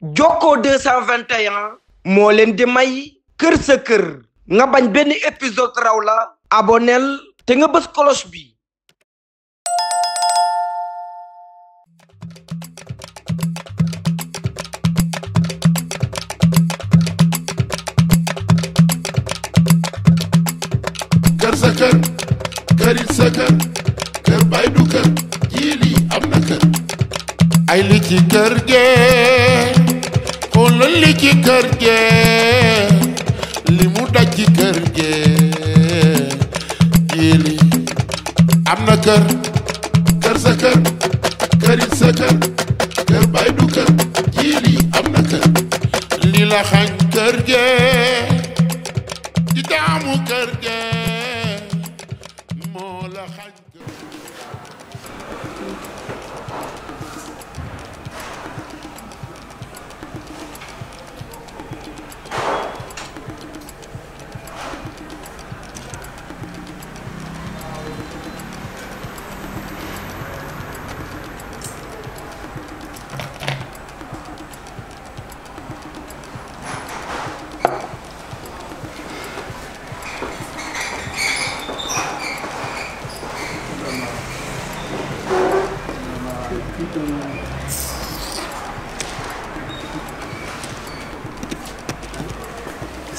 joko 221 mo len di may keur sa keur nga bañ ben episode raw la abonel te nga bës cloche bi keur sa keur keur sa keur keur bay du keur jii lii am na ay li ci keur julli ci kër gi li mu daj ci kër gi jiili am na kër kër sa kër kërit sa kër bay du kër jiili am na li la kër gi di taamu kër gi moo la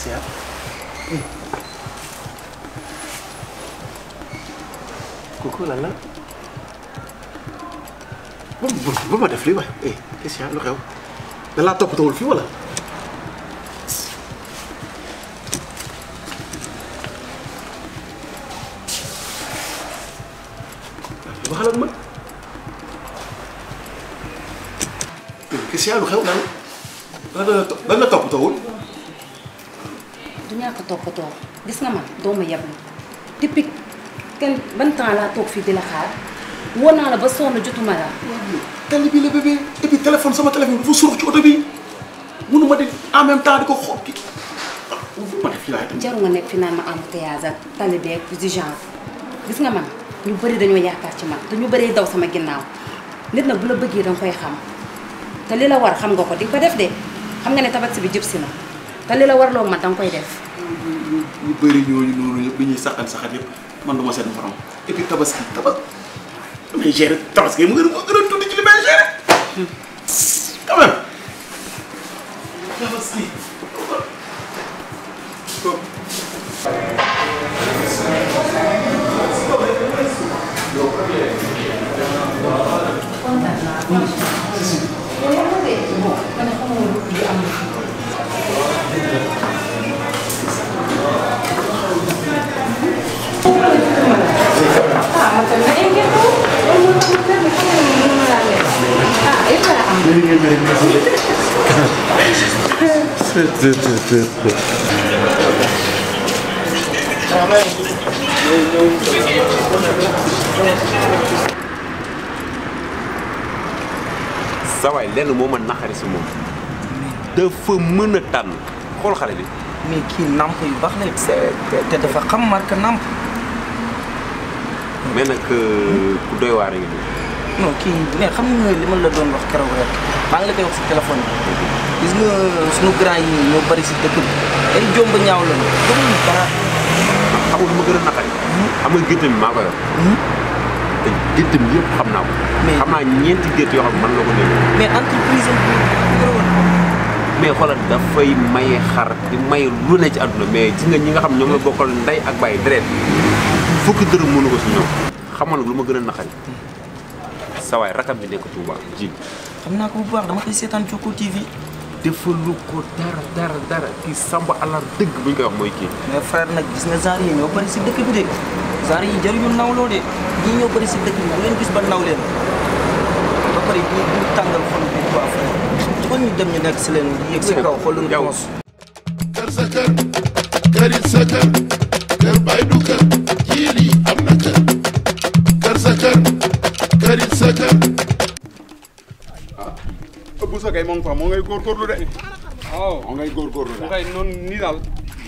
spécial. kooku lan la bu bu ma def lii waay eh lu xew da laa toppatoowul fii wala. waxal la lan قطو قطو قسنا ما دوما يا ابني تبيك كان بنت على طوق في ديلا خار وانا على بصونا جوتو مالا تالي بي لبيبي تبي تلفون سما تلفون فو سوخ جوتو بي مونو ما دي عمام تاعدي كو خوب كي وفو بانا في لاحظة جارو منك فينا ما عمو تيازا تالي بيك وزي ñu ñu bëri ñooñu noonu yëpp li ñuy saxat saxat yëpp man du ma seen morom et puis tabaski tabaski mais gérer tabaski mu gën a gën a sa waay lenn moo ma naxari si moom dafa mën a tànn xool xale bi mais kii namp yu baax la te dafa xam marque namp mais nag euh, ku doy waar ngi non kii mais xam nga li ma la doon wax keroog rek maa ngi la koy wax si téléphone bi gis nga suñu grand yi ñoo bari si dëkk bi ay jomb ñaaw la ñu dara xamul hmm? xam nga géttam bi maa ko yor hmm? te géttam bi xam naa ko xam naa ñeenti gétt yoo xam man la ko dégg mais entreprise mais xoolal dafay maye xar di maye lu ne ci àdduna mais gis nga ñi nga xam ñoom la bokkal ndey ak bàyyi deret fukki dërëm mënu ko si ñoom xamoon nag lu ma gën a naqari sa waay rakam bi nekk Touba ji xam naa ko bu baax dama koy seetaan Jokko TV. defalu ko dara dara dara kii Samba Alar dëgg bu ñu koy wax mooy kii. mais frère nag gis nga genre yi ñoo si dëkk bi de genre yi jëriñu nawloo de ñii ñoo bëri si dëkk bi bu leen gis ba naw leen bi bu baax ko ñu nekk si leen yëg si kaw xool lu ñu. yow sa kër moo ngay góorgóorlu de. waaw moo eh. oh. ngay góorgóorlu de. Eh. waaw noonu nii daal.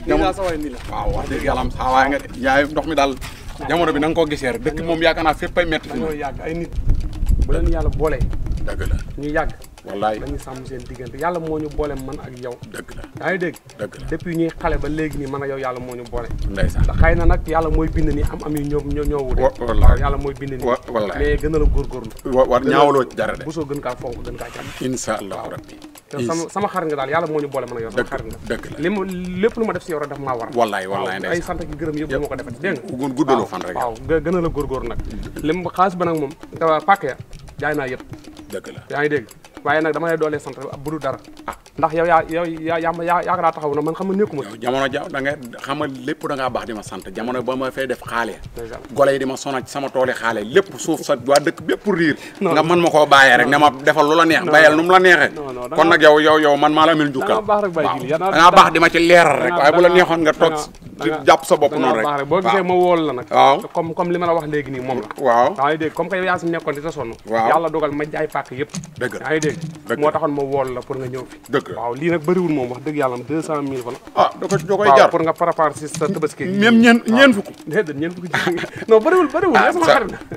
jamono nii daal ya sa waay nii ah, ya la. waaw wax dëgg yàlla am saa nga de. yaay ndox mi dal, jamono ya bi na nga koo gisee rek dëkk moom yaakaar naa fépp ay métti. dañoo yàgg ay nit bu leen yàlla boole. dëgg la ñu yàgg. wallaay dañuy sàmm seen diggante yàlla moo ñu boole man ak yow. dëgg la yaa ngi dégg. la depuis ñuy xale ba léegi nii man ak yow yàlla moo ñu boole. ndeysaan ndax xëy na nag bind nii am am yu ñoom ñoo ñoo wute. wallaay yàlla mooy bind nii. wallaay mais gën a la góorgóorlu. wa war ñaawloo dara bu soo gën kaa fonk gën rabbi sama sama xarit nga daal yàlla moo ñu boole mën a yow sama xarit nga dëgg la li ma lépp lu ma def si yow rek daf maa war wallaay wallaay ay sant ak gërëm yëpp bu ma ko defati dégg nga guddaloo fan rek waaw gën a la góorgóor nag lim xaalis ba nag moom dafa pàkk ya jaay naa yëpp dëgg la yaa ngi dégg waaye nag dama lay doolee sant bu du dara ah. ndax yow yaa yow yaa yaa yaa laa taxaw na man xam nga nekkuma. yow jamono ja da nga xam nga lépp da ngaa baax di ma sant jamono ba ma fay def xaale. gole yi di ma sonal ci sama tool yi xaale lépp suuf sa waa dëkk bépp riir. nga mën ma koo bàyyee rek ne ma defal lu la neex. bayal nu la neexee. kon nag yow yow man maa la mel njukkal. da baax di ma ci leeral rek waaye bu la neexoon nga toog. di sa bopp noonu rek boo gisee ma wool la nag waaw comme li ma la wax léegi nii moom la waaw comme que yow yaa nekkoon di sa sonn yàlla dogal ma jaay pàkk yëpp moo taxoon ma wool la pour waaw lii nag bëriwul moom wax dëgg yàlla am deux cent mille wala ah da ko da koy jar pour nga préparer si sa tabaski même ñeen fukk déedéet ñeen fukk non bëriwul bëriwul ah, sama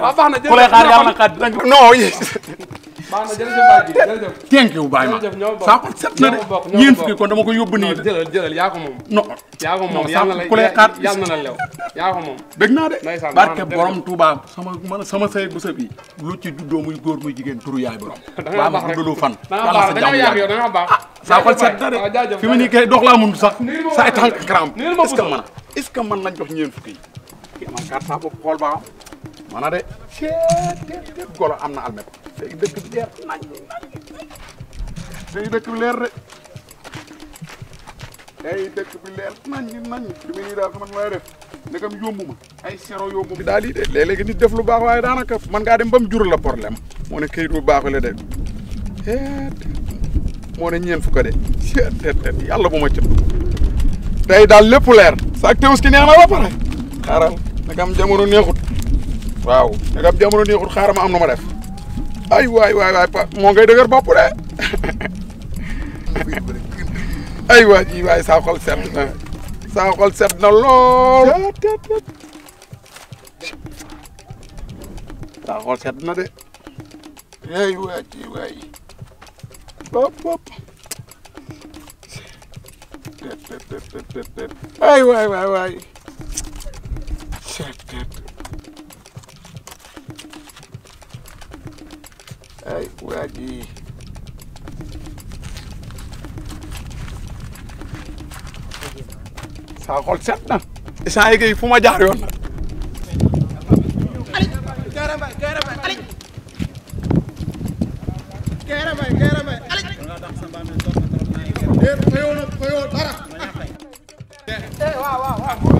waaw baax na jërëjëf ku lay xaar yàlla na xaar dinañ ko. non. baax na jërëjëf thank you baay ma saako set na de ñeent fukki kon dama ko yóbbu nii de. jëlal jëlal yaa ko moom. non ko moom yàlla na ku lay xaar yàlla na lew yaa ko moom. dégg naa de barke borom Touba sama man sama sa bi lu ci juddoo muy góor muy jigéen turu yaay borom. da ma guddaloo fan. yàlla sa jàmm yaay da nga baax saako set na de fi mu nii kay dox laa mun sax saay tànk crampe est-ce que man est-ce que mën nañ jox ñeent fukki xool ba mana de ceeb ceeb ceeb golo am na almet léegi dëkk bi leer nañ nañ nañ li muy nii daal xamat lay def ndegam yomb ma ay sero yomb ma daal di de léeg-léegi nit def lu baax waaye daanaka man ngaa dem ba mu jur la problème moo ne këyit bu baaxul la de moo ne ñeent fukk de ceeb yàlla bu ma cëb tey daal lépp leer saak teewus ki neex na ba pare xaaral ndegam jamono neexut waaw nag am jamono neexul xaaral ma am na ma def ay waay waay waay pa moo ngay dëgër bopp de ay waay waay saa xol sedd na saa xol sedd na lool saa xol sedd na de ay waay waay waay Right, Raggy. saa xol set na. saa yeggee fu ma jaar yoon na. Eh, waaw waaw waaw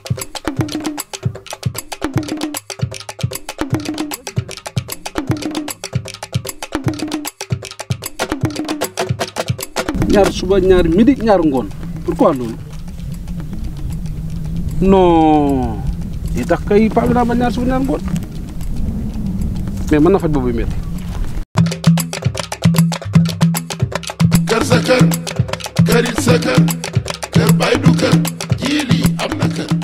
ñaar suba ñaar midi ñaar ngon pourquoi loolu non li tax kay pa bi naa ba ñaar suba ñaar ngon mais man na faj bobu metti kër sa kër kërit sa kër kër bay du kër jii lii kër